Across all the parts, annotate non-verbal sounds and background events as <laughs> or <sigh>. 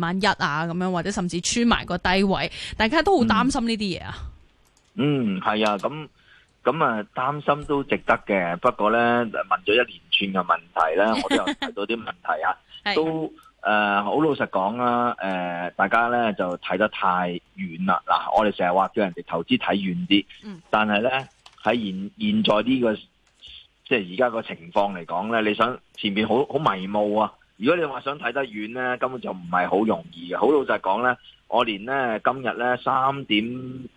萬一啊，咁樣或者甚至穿埋個低位，大家都好擔心呢啲嘢啊。嗯，係啊，咁咁啊，擔心都值得嘅。不過呢，問咗一連串嘅問題呢，我都有睇到啲問題啊。 <laughs> 啊都誒，好、呃、老實講啦，誒、呃，大家呢就睇得太遠啦。嗱，我哋成日話叫人哋投資睇遠啲，嗯、但係呢，喺現現在呢、這個即係而家個情況嚟講呢，你想前面好好，好迷霧啊。如果你話想睇得遠呢，根本就唔係好容易嘅。好老實講呢，我連呢今日呢三點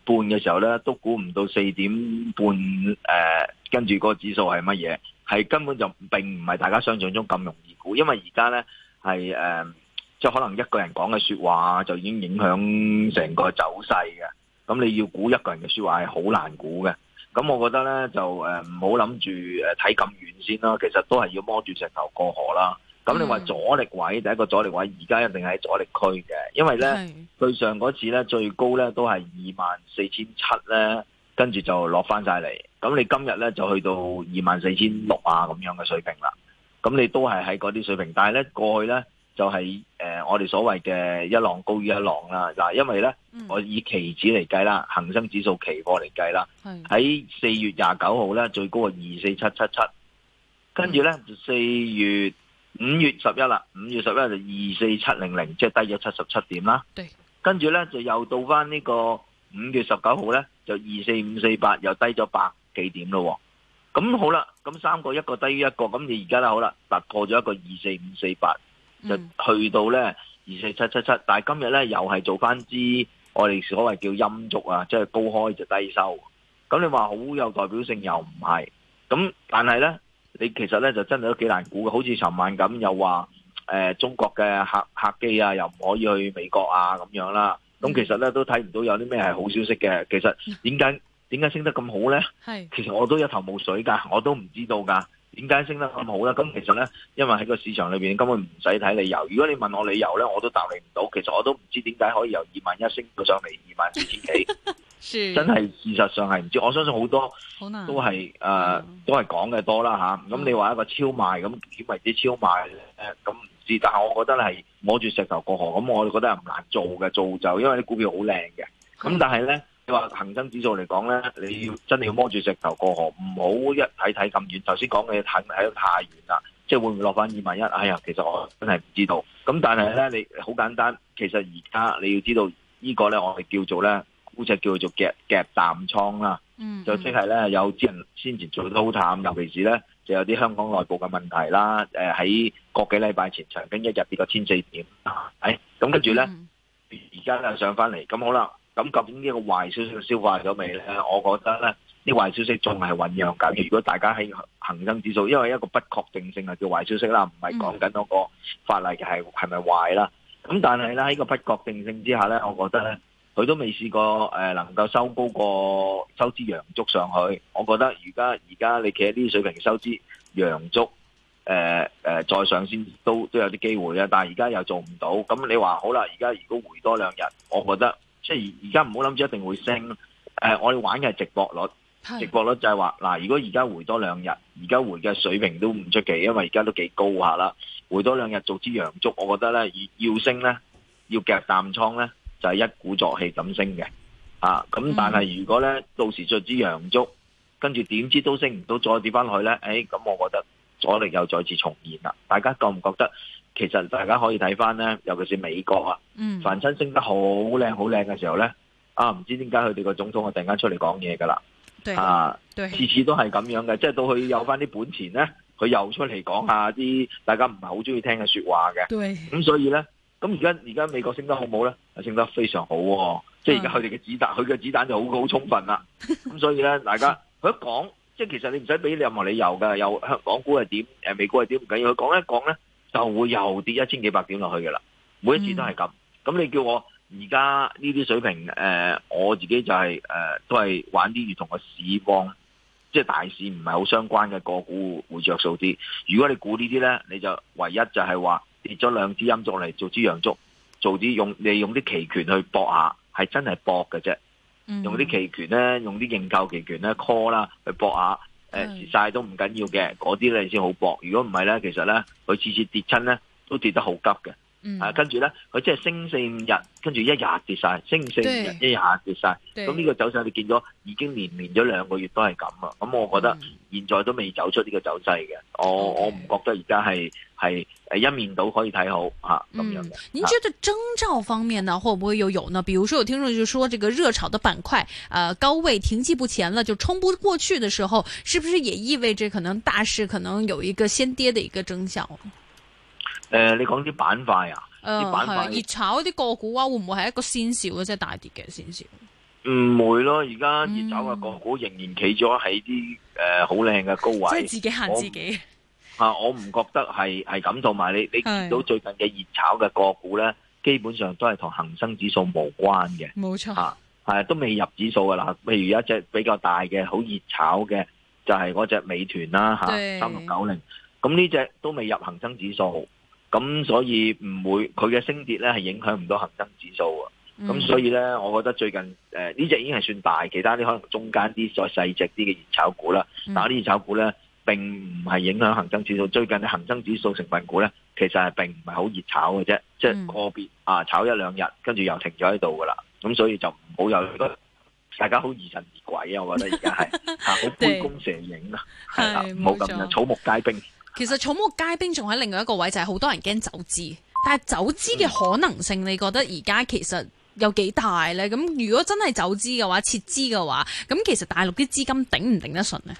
半嘅時候呢都估唔到四點半誒、呃、跟住個指數係乜嘢，係根本就並唔係大家想像中咁容易估。因為而家呢，係誒，即係、呃、可能一個人講嘅說話就已經影響成個走勢嘅。咁你要估一個人嘅說話係好難估嘅。咁我覺得呢，就唔好諗住睇咁遠先啦。其實都係要摸住石頭過河啦。咁你話阻力位、嗯、第一個阻力位，而家一定喺阻力區嘅，因為咧是對上嗰次咧最高咧都係二萬四千七咧，跟住就落翻晒嚟。咁你今日咧就去到二萬四千六啊咁樣嘅水平啦。咁你都係喺嗰啲水平，但係咧過去咧就係、是、誒、呃、我哋所謂嘅一浪高於一浪啦。嗱，因為咧、嗯、我以期指嚟計啦，恒生指數期貨嚟計啦，喺四是月廿九號咧最高係二四七七七，跟住咧四月。五月十一啦，五月十一就二四七零零，即係低咗七十七點啦。對，跟住呢，就又到翻呢個五月十九號呢，就二四五四八，又低咗百幾點咯、哦。咁好啦，咁三個一個低於一個，咁你而家咧好啦，突破咗一個二四五四八，就去到呢二四七七七，7，嗯、但係今日呢，又係做翻支我哋所謂叫陰燭啊，即係高開就低收。咁你話好有代表性又唔係？咁但係呢。你其實咧就真係都幾難估嘅，好似尋晚咁又話、呃、中國嘅客客機啊，又唔可以去美國啊咁樣啦。咁其實咧都睇唔到有啲咩係好消息嘅。其實點解點解升得咁好咧？是其實我都一頭霧水㗎，我都唔知道㗎。點解升得咁好咧？咁其實咧，因為喺個市場裏邊根本唔使睇理由。如果你問我理由咧，我都答你唔到。其實我都唔知點解可以由 <laughs> 二萬一升到上嚟二萬四千幾， <laughs> 真係事實上係唔知。我相信好多都係誒難、呃，都係講嘅多啦吓。咁、啊嗯、你話一個超賣咁，點為之超賣？咁唔知。但係我覺得係摸住石頭過河，咁我就覺得係唔難做嘅。做就因為啲股票好靚嘅。咁但係咧，話恒生指數嚟講咧，你要真係要摸住石頭過河，唔好一睇睇咁遠。頭先講嘅睇睇度太遠啦，即係會唔會落翻二萬一？哎呀，其實我真係唔知道。咁但係咧，你好簡單，其實而家你要知道個呢個咧，我哋叫做咧，好似叫做夾夾淡倉啦，嗯。嗯，就即係咧，有啲人先前做得好淡，尤其是咧，就有啲香港內部嘅問題啦。誒，喺個幾禮拜前曾經一日跌到千四點，誒、哎，咁跟住咧，而家，嗯嗯、呢，上翻嚟，咁好啦。咁究竟呢個壞消息消化咗未咧？我覺得咧，啲壞消息仲係醞釀緊。如果大家喺恒生指數，因為一個不確定性係叫壞消息啦，唔係講緊嗰個法例係係咪壞啦。咁但係咧，喺個不確定性之下咧，我覺得咧，佢都未試過誒、呃，能夠收高過收支陽燭上去。我覺得而家而家你企喺呢啲水平收支陽燭，誒誒、呃呃、再上先都都有啲機會啦。但係而家又做唔到。咁你話好啦，而家如果回多兩日，我覺得。即係而家唔好諗住一定會升，誒、呃，我哋玩嘅係值博率，是值博率就係話，嗱，如果而家回多兩日，而家回嘅水平都唔出奇，因為而家都幾高下啦。回多兩日做支陽燭，我覺得咧要升咧，要夾淡倉咧，就係、是、一鼓作氣咁升嘅，啊，咁但係如果咧到時再支陽燭，跟住點知都升唔到，再跌翻去咧，誒、欸，咁我覺得。阻力又再次重現啦！大家覺唔覺得？其實大家可以睇翻咧，尤其是美國、嗯、是啊，凡親升得好靚好靚嘅時候咧，啊唔知點解佢哋個總統啊突然間出嚟講嘢噶啦，對啊次對次都係咁樣嘅，即係到佢有翻啲本錢咧，佢又出嚟講下啲大家唔係好中意聽嘅説話嘅。咁對所以咧，咁而家而家美國升得好唔好咧？升得非常好喎、哦！嗯、即係而家佢哋嘅子彈，佢嘅子彈就好好充分啦。咁 <laughs> 所以咧，大家佢一講。即係其實你唔使俾任何理由噶又香港股係點，誒美股係點唔緊要，講講一講咧就會又跌一千幾百點落去嘅啦。每一次都係咁，咁、嗯、你叫我而家呢啲水平，誒、呃、我自己就係、是、誒、呃、都係玩啲如同嘅市況，即、就、係、是、大市唔係好相關嘅個股會着數啲。如果你估呢啲咧，你就唯一就係話跌咗兩支陰燭，嚟做支陽燭，做啲用你用啲期權去搏下，係真係搏嘅啫。嗯、用啲期權咧，用啲認購期權咧，call 啦，去搏下，誒，蝕晒都唔緊要嘅，嗰啲咧先好搏。如果唔係咧，其實咧佢次次跌親咧，都跌得好急嘅。嗯，啊、跟住咧，佢即係升四五日，跟住一日跌晒，升四五日對一日跌晒。咁呢對個走勢你見咗，已經連綿咗兩個月都係咁啊。咁我覺得現在都未走出呢個走勢嘅，我我唔覺得而家係。係誒一面倒可以睇好吓，咁、嗯、樣。您覺得徵兆方面呢，會不會又有呢？比如說有聽眾就說，這個熱炒的板塊，誒、呃、高位停滯不前了，就衝不過去的時候，是不是也意味着可能大市可能有一個先跌的一個徵兆？誒、呃，你講啲板塊啊，啲、呃、板塊熱炒啲個股啊，會唔會係一個先兆或者大跌嘅先兆？唔會咯，而家熱炒嘅個股仍然企咗喺啲誒好靚嘅高位，即係自己嚇自己。啊！我唔覺得係係咁，同埋你你見到最近嘅熱炒嘅個股咧，基本上都係同恒生指數無關嘅。冇錯錯，係、啊、都未入指數噶啦。譬如有一隻比較大嘅好熱炒嘅，就係、是、嗰隻美團啦三六、啊、對九零。咁呢隻都未入恒生指數，咁所以唔會佢嘅升跌咧係影響唔到恒生指數嘅咁、嗯、所以咧，我覺得最近誒呢、呃、隻已經係算大，其他啲可能中間啲再細隻啲嘅熱炒股啦。嗯、但係呢熱炒股咧。並唔係影響恒生指數，最近嘅恒生指數成分股咧，其實係並唔係好熱炒嘅啫，嗯、即係個別啊炒一兩日，跟住又停咗喺度噶啦，咁所以就唔好有又大家好疑神疑鬼啊，我覺得而家係吓好杯弓蛇影啊，係啦，冇咁樣錯草木皆兵。其實草木皆兵仲喺另外一個位，就係好多人驚走資，但係走資嘅可能性，你覺得而家其實有幾大咧？咁、嗯、如果真係走資嘅話，撤資嘅話，咁其實大陸啲資金頂唔頂得順咧？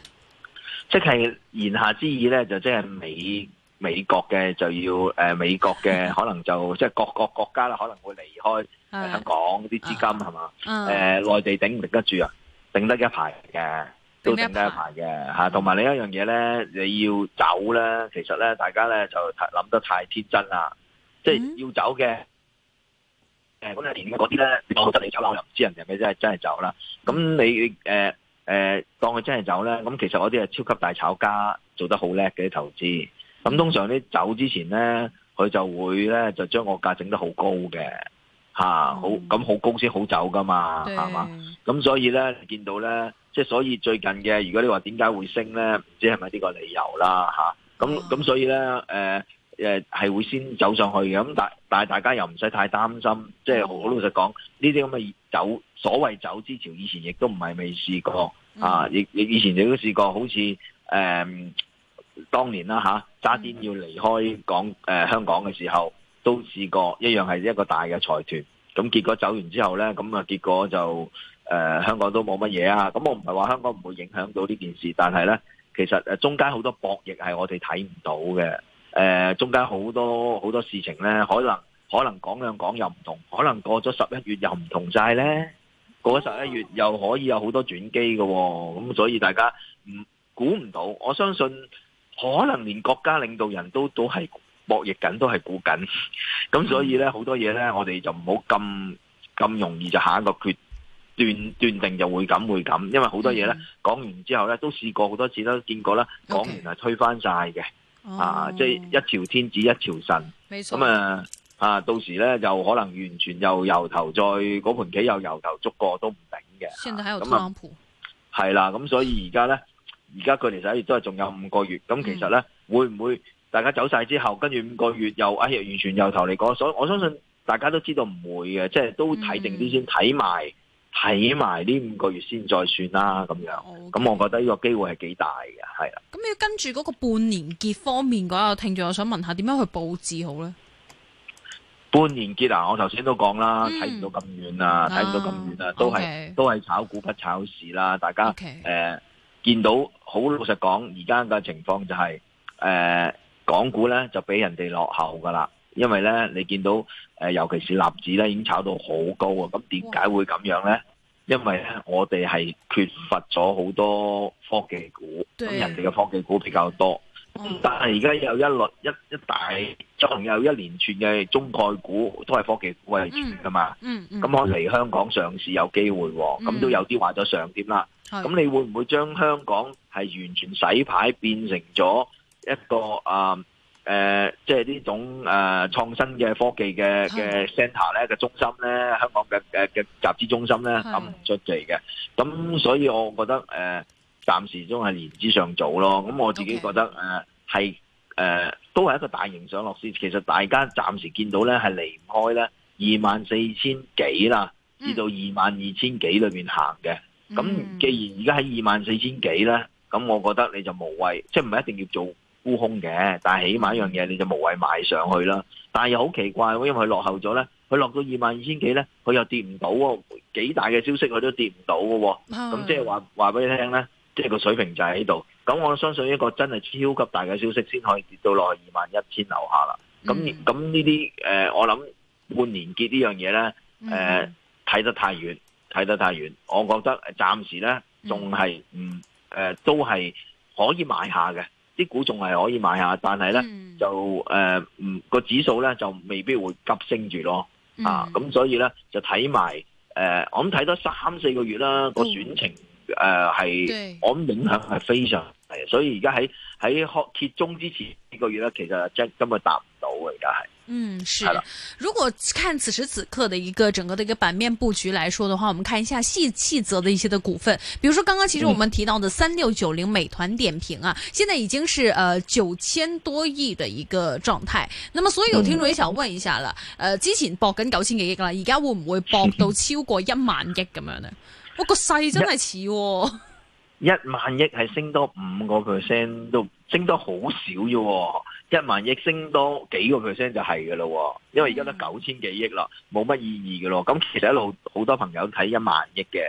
即係言下之意咧，就即、是、係美美國嘅就要誒，美國嘅、呃、可能就即係、就是、各個國家啦，可能會離開的香港啲資金係嘛，誒，內地頂唔頂得住啊？頂得一排嘅，都頂得一排嘅吓。同埋、啊、另一樣嘢咧，你要走咧，其實咧，大家咧就諗得太天真啦。即、就、係、是、要走嘅，誒、嗯，你啲年嗰啲咧，冇得你走，我又唔知人哋係咪真係真係走啦。咁你誒。呃誒、嗯，當佢真係走咧，咁其實嗰啲係超級大炒家做得好叻嘅投資。咁通常啲走之前咧，佢就會咧就將個價整得高、啊嗯、好高嘅，吓好咁好高先好走噶嘛，係嘛對？咁所以咧，見到咧，即係所以最近嘅，如果你話點解會升咧，唔知係咪呢個理由啦，吓咁咁所以咧，誒、呃。誒係會先走上去嘅，咁但但係大家又唔使太擔心，即係好老實講，呢啲咁嘅走所謂走之潮，以前亦都唔係未試過、mm hmm. 啊！以以以前亦都試過，好似誒、嗯、當年啦嚇，渣、啊、甸要離開港誒、呃、香港嘅時候，都試過一樣係一個大嘅財團，咁結果走完之後咧，咁啊結果就誒、呃、香港都冇乜嘢啊！咁我唔係話香港唔會影響到呢件事，但係咧，其實誒中間好多博弈係我哋睇唔到嘅。誒，中間好多好多事情咧，可能可能講兩講又唔同，可能過咗十一月又唔同晒咧，過咗十一月又可以有好多轉機嘅，咁所以大家唔估唔到，我相信可能連國家領導人都都係博弈緊，都係估緊，咁所以咧，好多嘢咧，我哋就唔好咁咁容易就下一個決斷斷定就會咁會咁，因為好多嘢咧講完之後咧都試過好多次啦，都見過啦，講完係推翻晒嘅。啊！即係一朝天子一朝臣，咁啊、嗯、啊！到時咧就可能完全又由頭再嗰盤棋又由頭捉過都唔頂嘅。現在還有特朗普。係啦、啊，咁、嗯嗯、所以而家咧，而家佢哋十一月都係仲有五個月。咁其實咧，嗯、會唔會大家走晒之後，跟住五個月又哎呀、啊、完全由頭嚟講？所以我相信大家都知道唔會嘅，即係都睇定啲先睇埋。睇埋呢五個月先再算啦，咁樣，咁 Okay. 我覺得呢個機會係幾大嘅，係啦。咁要跟住嗰個半年結方面嗰個聽住，我想問下，點樣去佈置好咧？半年結啊，我頭先都講啦，睇唔、嗯、到咁遠啊，睇唔、啊、到咁遠啊，都係 Okay. 都係炒股不炒市啦、啊。大家誒 Okay.、呃，見到好老實講，而家嘅情況就係、是、誒、呃，港股咧就俾人哋落後噶啦。因為咧，你見到誒、呃，尤其是納指咧，已經炒到好高啊！咁點解會咁樣咧？哦、因為咧，我哋係缺乏咗好多科技股，咁對人哋嘅科技股比較多。哦、但係而家有一輪一一大，仲有一連串嘅中概股都係科技股為主噶嘛。嗯嗯。咁、嗯嗯、可能嚟香港上市有機會、哦，咁、嗯、都有啲話咗上啲啦。咁的你會唔會將香港係完全洗牌，變成咗一個啊？呃誒，即係呢種誒創、呃、新嘅科技嘅嘅 centre 咧嘅中心咧，香港嘅誒嘅集資中心咧，咁唔的出奇嘅。咁所以我覺得誒，暫、呃、時都係言之尚早咯。咁我自己覺得誒，係誒 Okay.、呃呃、都係一個大型上落市。其實大家暫時見到咧係離唔開咧二萬四千幾啦，至到二萬二千幾裏邊行嘅。咁、嗯、既然而家喺二萬四千幾咧，咁我覺得你就無謂，即係唔係一定要做。沽空嘅，但係起碼一樣嘢，你就無謂買上去啦。但係又好奇怪，因為佢落後咗咧，佢落到二萬二千幾咧，佢又跌唔到，幾大嘅消息佢都跌唔到嘅。咁、oh. 即係話話俾你聽咧，即係個水平就喺度。咁我相信一個真係超級大嘅消息，先可以跌到落去二萬一千樓下啦。咁咁呢啲誒，我諗半年結呢樣嘢咧，誒、呃、睇、oh. 得太遠，睇得太遠。我覺得暫時咧仲係唔誒，都係可以買下嘅。啲股仲係可以買下，但係咧、嗯、就誒，嗯、呃個指數咧就未必會急升住咯，嗯、啊，咁所以咧就睇埋誒，我諗睇多三四個月啦，個選情誒係我諗影響係非常大，所以而家喺喺學揭盅之前呢個月咧，其實將今日答。嗯是。如果看此時此刻的一個整個的一個版面布局來說的話，我們看一下細細則的一些的股份，比如說剛剛其實我們提到的三六九零、美團、點評啊，嗯、現在已經是呃九千多億的一個狀態。那麼所以有聽眾也想問一下啦，誒、嗯呃、之前博緊九千幾億啦，而家會唔會博到超過一萬億咁樣呢？我個勢真係似一萬億係升多五個 percent 都。升得好少啫，一萬億升多幾個 percent 就係嘅咯，因為而家得九千幾億啦，冇乜意義嘅咯。咁其實一路好多朋友睇一萬億嘅，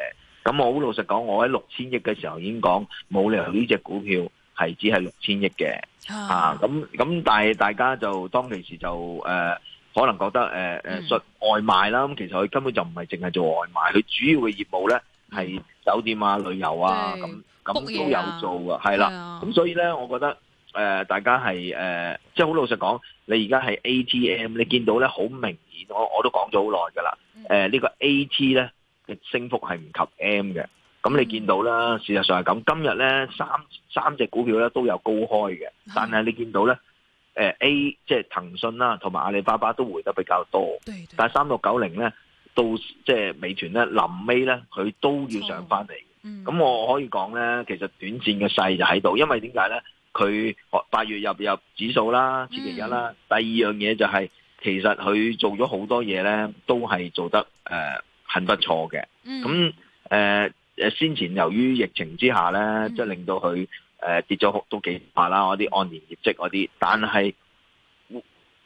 咁我好老實講，我喺六千億嘅時候已經講冇理由呢隻股票係只係六千億嘅，oh. 啊，咁咁但係大家就當其時就誒、呃、可能覺得誒、呃、外賣啦，咁其實佢根本就唔係淨係做外賣，佢主要嘅業務咧。係酒店啊、旅遊啊，咁咁都有做啊，係啦。咁所以咧，我覺得誒、呃，大家係誒、呃，即係好老實講，你而家係 A T M，的你見到咧好明顯，我我都講咗好耐噶啦。誒的，呃這個、AT 呢個 A T 咧嘅升幅係唔及 M 嘅。咁你見到啦，的事實上係咁。今日咧三三隻股票咧都有高開嘅，但係你見到咧，誒的、呃、A 即係騰訊啦，同埋阿里巴巴都回得比較多，對對對但係三六九零咧。到即係美團咧，臨尾咧，佢都要上翻嚟。咁、嗯、我可以講咧，其實短線嘅勢就喺度，因為點解咧？佢八月入入指數啦，前期一啦。嗯、第二樣嘢就係、是，其實佢做咗好多嘢咧，都係做得誒、呃，很不錯嘅。咁誒誒，先前由於疫情之下咧，嗯、即係令到佢誒跌咗好都幾下啦，嗰啲按年業績嗰啲，但係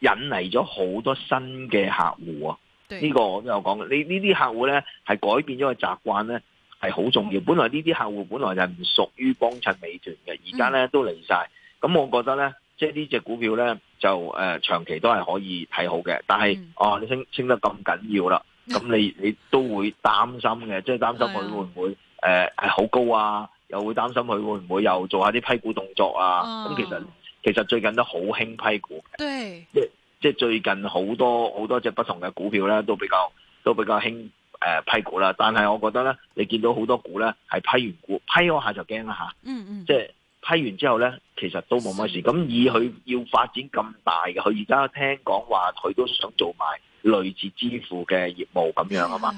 引嚟咗好多新嘅客戶啊！呢對個我都有講，你呢啲客戶咧，係改變咗個習慣咧，係好重要。嗯、本來呢啲客戶本來就係唔屬於幫襯美團嘅，而家咧都嚟晒。咁我覺得咧，即係呢隻股票咧就誒、呃、長期都係可以睇好嘅。但係哦、嗯啊，你升升得咁緊要啦，咁你你都會擔心嘅， <laughs> 即係擔心佢會唔會誒係好高啊？又會擔心佢會唔會又做下啲批股動作啊？咁、哦嗯、其實其實最近都好興批股嘅。對。即即係最近好多好多隻不同嘅股票咧，都比較都比較興誒、呃、批股啦。但係我覺得咧，你見到好多股咧係批完股批嗰下就驚啦吓，嗯嗯即係批完之後咧，其實都冇乜事。咁的以佢要發展咁大嘅，佢而家聽講話佢都想做埋類似支付嘅業務咁樣啊嘛。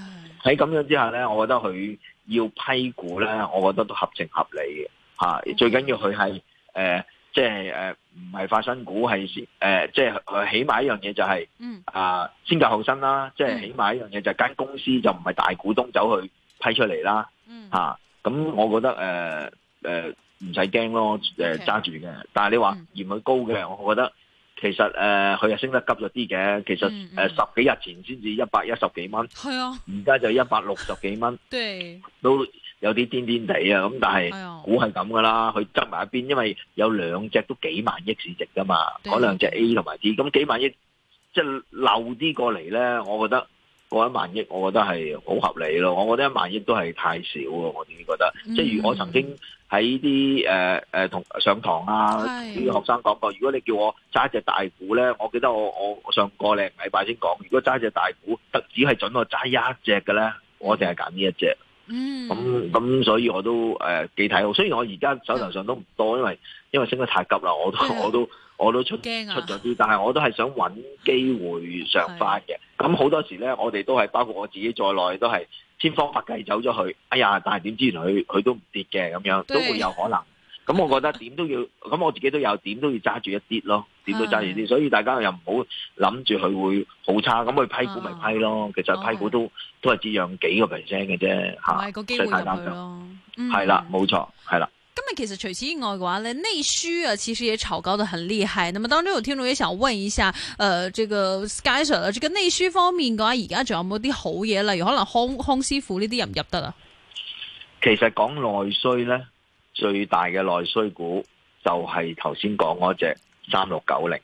喺咁的的樣之下咧，我覺得佢要批股咧，我覺得都合情合理嘅吓。啊、是的最緊要佢係誒。呃即係誒，唔係、就是呃、發新股，係先誒，即、呃、係、就是呃、起碼一樣嘢就係、是，嗯、啊，先舊後新啦。即、就、係、是、起碼一樣嘢就係，間公司就唔係大股東走去批出嚟啦。吓、嗯，咁、啊、我覺得誒誒，唔使驚咯，誒揸住嘅。但係你話嫌佢高嘅，嗯、我覺得其實誒，佢、呃、係升得急咗啲嘅。其實誒、嗯嗯呃，十幾日前先至一百一十幾蚊，係啊，而家就一百六十幾蚊，對，都。有啲癲癲地啊！咁但係估係咁噶啦，佢執埋一邊，因為有兩隻都幾萬億市值噶嘛，嗰對兩隻 A 同埋 D，咁幾萬億即係漏啲過嚟咧。我覺得過一萬億，我覺得係好合理咯。我覺得一萬億都係太少咯，我自己覺得。嗯、即係我曾經喺啲誒誒同上堂啊，啲學生講過，啊、如果你叫我揸一隻大股咧，我記得我我上個零禮拜先講，如果揸隻大股，特指係準我揸一隻嘅咧，我淨係揀呢一隻。嗯，咁咁，所以我都誒幾睇好。雖然我而家手頭上都唔多，因為因為升得太急啦，我都是的我都我都出怕、啊、出咗啲，但係我都係想揾機會上翻嘅。咁好是的 多時咧，我哋都係包括我自己在內都係千方百計走咗去。哎呀！但係點知佢佢都唔跌嘅咁樣是的 都會有可能。咁 <laughs> 我覺得點都要，咁我自己都有點都要揸住一啲咯，都點都揸住啲，的所以大家又唔好諗住佢會好差，咁佢批股咪批咯。是的其實批股都都係只讓幾個 percent 嘅啫，嚇，太擔心咯。係啦、嗯，冇錯，係啦。今日其實除此以外嘅話咧，內需啊，其實也炒高得很厲害。咁啊，當中有聽眾也想問一下，誒、呃，這個 Sky Sir 呢個內需方面嘅話，而家仲有冇啲好嘢？例如可能康康師傅呢啲入唔入得啊？其實講內需咧。最大嘅內需股就係頭先講嗰隻三六九零，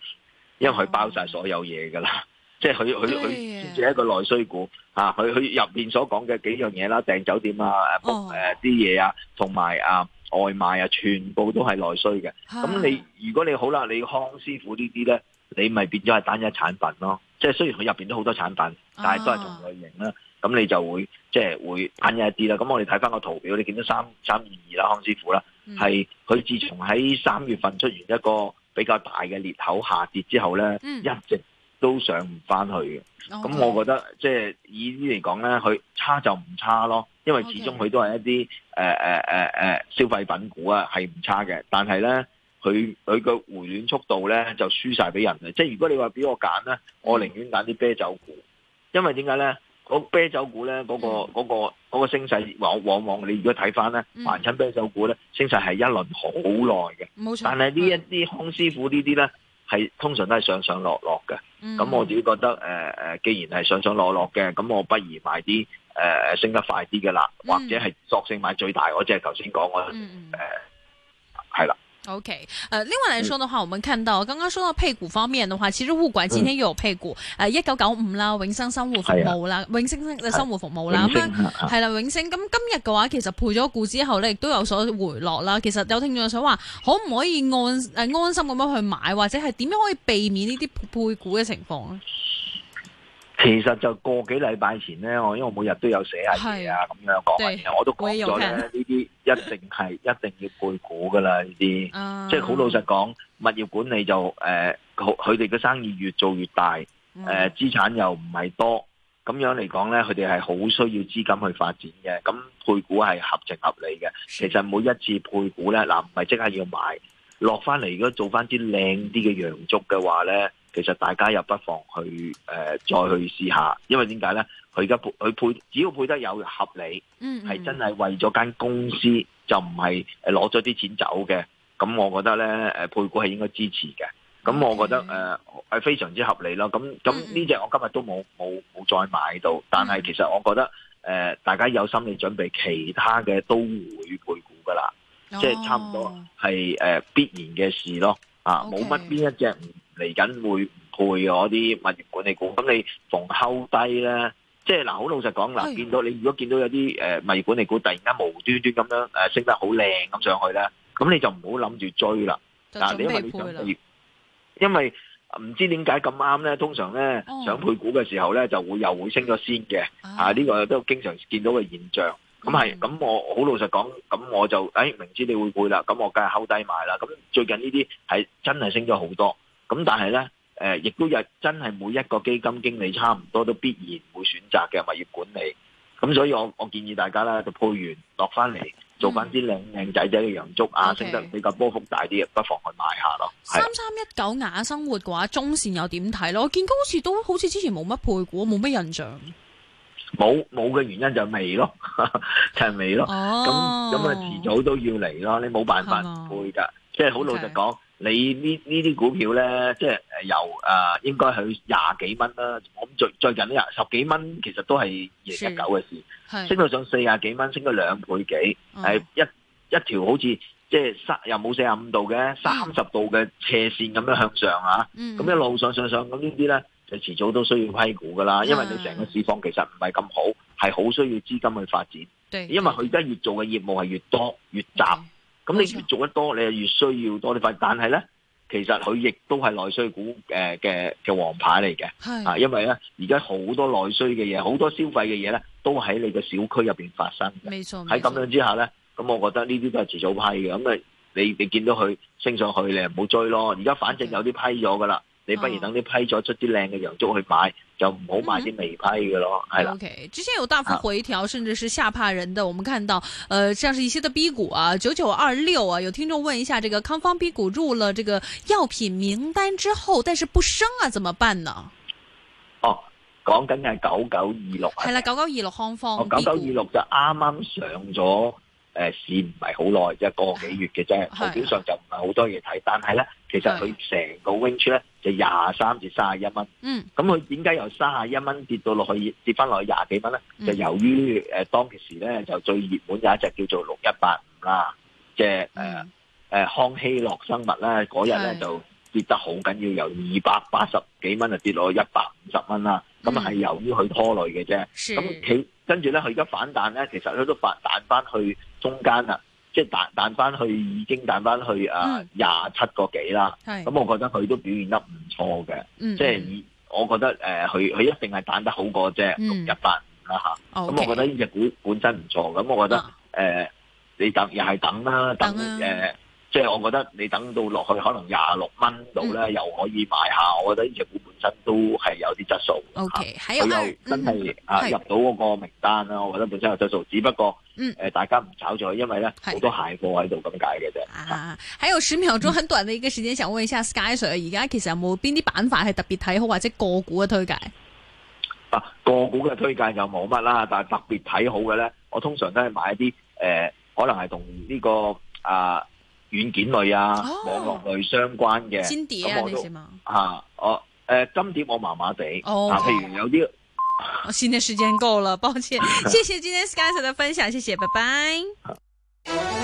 因為佢包晒所有嘢噶啦，oh. 即係佢佢佢先至一個內需股嚇，佢佢入邊所講嘅幾樣嘢啦，訂酒店啊誒啲嘢啊，同埋啊外賣啊，全部都係內需嘅。咁、oh. 你如果你好啦，你康師傅這些呢啲咧，你咪變咗係單一產品咯。即係雖然佢入邊都好多產品，但係都係同類型啦。咁你就會即係、就是、會揀一啲啦。咁我哋睇翻個圖表，你見到三三二二啦，康師傅啦，係佢、嗯、自從喺三月份出現一個比較大嘅裂口下跌之後咧，嗯、一直都上唔翻去嘅。咁 Okay. 我覺得即係、就是、以呢啲嚟講咧，佢差就唔差咯，因為始終佢都係一啲誒誒誒消費品股啊，係唔差嘅。但係咧，佢佢嘅回暖速度咧就輸晒俾人嘅。即、就、係、是、如果你話俾我揀咧，我寧願揀啲啤酒股，嗯、因為點解咧？嗰啤酒股咧，嗰、那個嗰嗰、嗯那個那個、升勢往往你如果睇翻咧，凡親、嗯、啤酒股咧，升勢係一輪好耐嘅。冇錯。但係呢一啲康師傅呢啲咧，係通常都係上上落落嘅。咁、嗯、我自己覺得誒、呃、既然係上上落落嘅，咁我不如買啲誒、呃、升得快啲嘅啦，嗯、或者係索性買最大。我即係頭先講我誒係啦。呃 O K，誒，另外來說的話，我們看到剛剛說到配股方面的話，其實物管今天又有配股，誒、嗯，一九九五啦，永生生活服務啦，啊、永生生活服務啦，咁、啊、樣係啦，永生，咁今日嘅話其實配咗股之後咧，亦都有所回落啦。其實有聽眾想話，可唔可以安誒、呃、安心咁樣去買，或者係點樣可以避免呢啲配股嘅情況咧？其實就過幾禮拜前咧，我因為我每日都有寫下嘢啊，咁是樣講下嘢。對我都講咗咧。呢啲一定係一定要配股㗎喇，呢啲， <laughs> 即係好老實講， <laughs> 物業管理就誒，佢佢哋嘅生意越做越大，誒、呃，資產又唔係多，咁樣嚟講咧，佢哋係好需要資金去發展嘅，咁配股係合情合理嘅。其實每一次配股咧，嗱唔係即刻要買。落翻嚟如果做翻啲靚啲嘅洋足嘅話咧，其實大家又不妨去誒、呃、再去試下，因為點解咧？佢而家配佢配只要配得有合理，係、嗯嗯、真係為咗間公司，就唔係誒攞咗啲錢走嘅。咁我覺得咧，誒配股係應該支持嘅。咁我覺得誒係、嗯嗯呃、非常之合理咯。咁咁呢隻我今日都冇冇冇再買到，但係其實我覺得誒、呃、大家有心理準備，其他嘅都會配股噶啦。即係差唔多係誒必然嘅事咯，啊冇乜邊一隻嚟緊會配嗰啲物業管理股，咁你逢後低咧，即係嗱好老實講嗱，見到你如果見到有啲誒物業管理股突然間無端端咁樣誒升得好靚咁上去咧，咁你就唔好諗住追啦，嗱呢啲係上配股，因為唔知點解咁啱咧，通常咧想配股嘅時候咧就會又會升咗先嘅，啊呢個都經常見到嘅現象。咁係，咁、嗯嗯、我好老實講，咁我就誒、哎、明知你會配啦，咁我梗係 hold 低買啦。咁最近呢啲係真係升咗好多，咁但係咧誒，亦、呃、都有真係每一個基金經理差唔多都必然會選擇嘅物業管理。咁所以我我建議大家咧就配完落翻嚟做翻啲靚靚仔仔嘅陽燭啊，嗯 okay、升得比較波幅大啲，不妨去買下咯。三三一九雅生活嘅話，中線又點睇咯？我見到好似都好似之前冇乜配股，冇乜印象。冇冇嘅原因就係未咯，就係未咯，咁咁啊遲早都要嚟咯，你冇辦法唔配噶，即係好老實講，你呢呢啲股票咧，即係由啊應該去廿幾蚊啦，我最最近都廿十幾蚊，其實都係二一九嘅事，升到上四廿幾蚊，升咗兩倍幾，係一一條好似即係三又冇四十五度嘅三十度嘅斜綫咁樣向上啊，咁一路上上上咁呢啲咧。就遲早都需要批股噶啦，因為你成個市況其實唔係咁好，係好對需要資金去發展。對，對，因為佢而家越做嘅業務係越多越雜，咁 okay, 你越做得多，錯你就越需要多啲批。但係呢，其實佢亦都係內需股嘅嘅王牌嚟嘅。啊是，因為呢，而家好多內需嘅嘢、好多消費嘅嘢呢，都喺你個小區入邊發生。嘅錯。喺咁樣之下呢，咁我覺得呢啲都係遲早批嘅。咁啊，你你見到佢升上去，你就唔好追咯。而家反正有啲批咗噶啦。對你不如等啲批咗出啲靚嘅洋足去買，哦、就唔好買啲未批嘅咯，係啦、嗯。的 o、okay, K，之前有大幅回調，啊、甚至是嚇怕人的，我們看到，誒、呃，像是一些的 B 股啊，九九二六啊，有聽眾問一下，這個康方 B 股入了這個藥品名單之後，但是不升啊，怎麼辦啊？哦，講緊係九九二六，係啦，九九二六康方，九九二六就啱啱上咗誒、呃、市，唔係好耐，即係個幾月嘅啫，的表面上就唔係好多嘢睇，的但係咧，其實佢成個 range 咧。就廿三至卅一蚊，咁佢點解由卅一蚊跌到落去跌翻落去廿幾蚊咧？嗯、就由於誒、呃、當其時咧就最熱門有一隻叫做六一八五啦，即係誒誒康希諾生物啦，嗰日咧就跌得好緊要，是由二百八十幾蚊就跌落去一百五十蚊啦，咁係、嗯、由於佢拖累嘅啫，咁佢是跟住咧佢而家反彈咧，其實佢都反彈翻去中間啦。即彈彈翻去已經彈翻去啊，廿、嗯、七個幾啦。咁是我覺得佢都表現得唔錯嘅。即係、嗯嗯、我覺得佢佢、呃、一定係彈得好過隻、嗯、六一八五啦咁 okay, 我覺得呢隻股本身唔錯。咁我覺得誒、啊呃，你等又係等啦，等誒，即係、啊呃就是、我覺得你等到落去可能廿六蚊度咧，嗯、又可以買下。我覺得呢隻股。都係有啲質素，OK 佢又真係啊入到嗰個名單啦。我覺得本身有質素，只不過誒大家唔炒咗，因為咧好多蟹貨喺度咁解嘅啫。啊喺個選票中，很多人你嘅時間上，我問一下 SkySir，而家其實有冇邊啲板塊係特別睇好或者個股嘅推介？啊個股嘅推介就冇乜啦，但係特別睇好嘅咧，我通常都係買一啲誒，可能係同呢個啊軟件類啊、網絡類相關嘅。啊，誒、呃，金碟我麻麻地，嗱 Okay、啊，譬如有啲，我先嘅時間夠啦，抱歉， <laughs> 謝謝今天 Sky 的分享，謝謝， <laughs> 拜拜。 <music>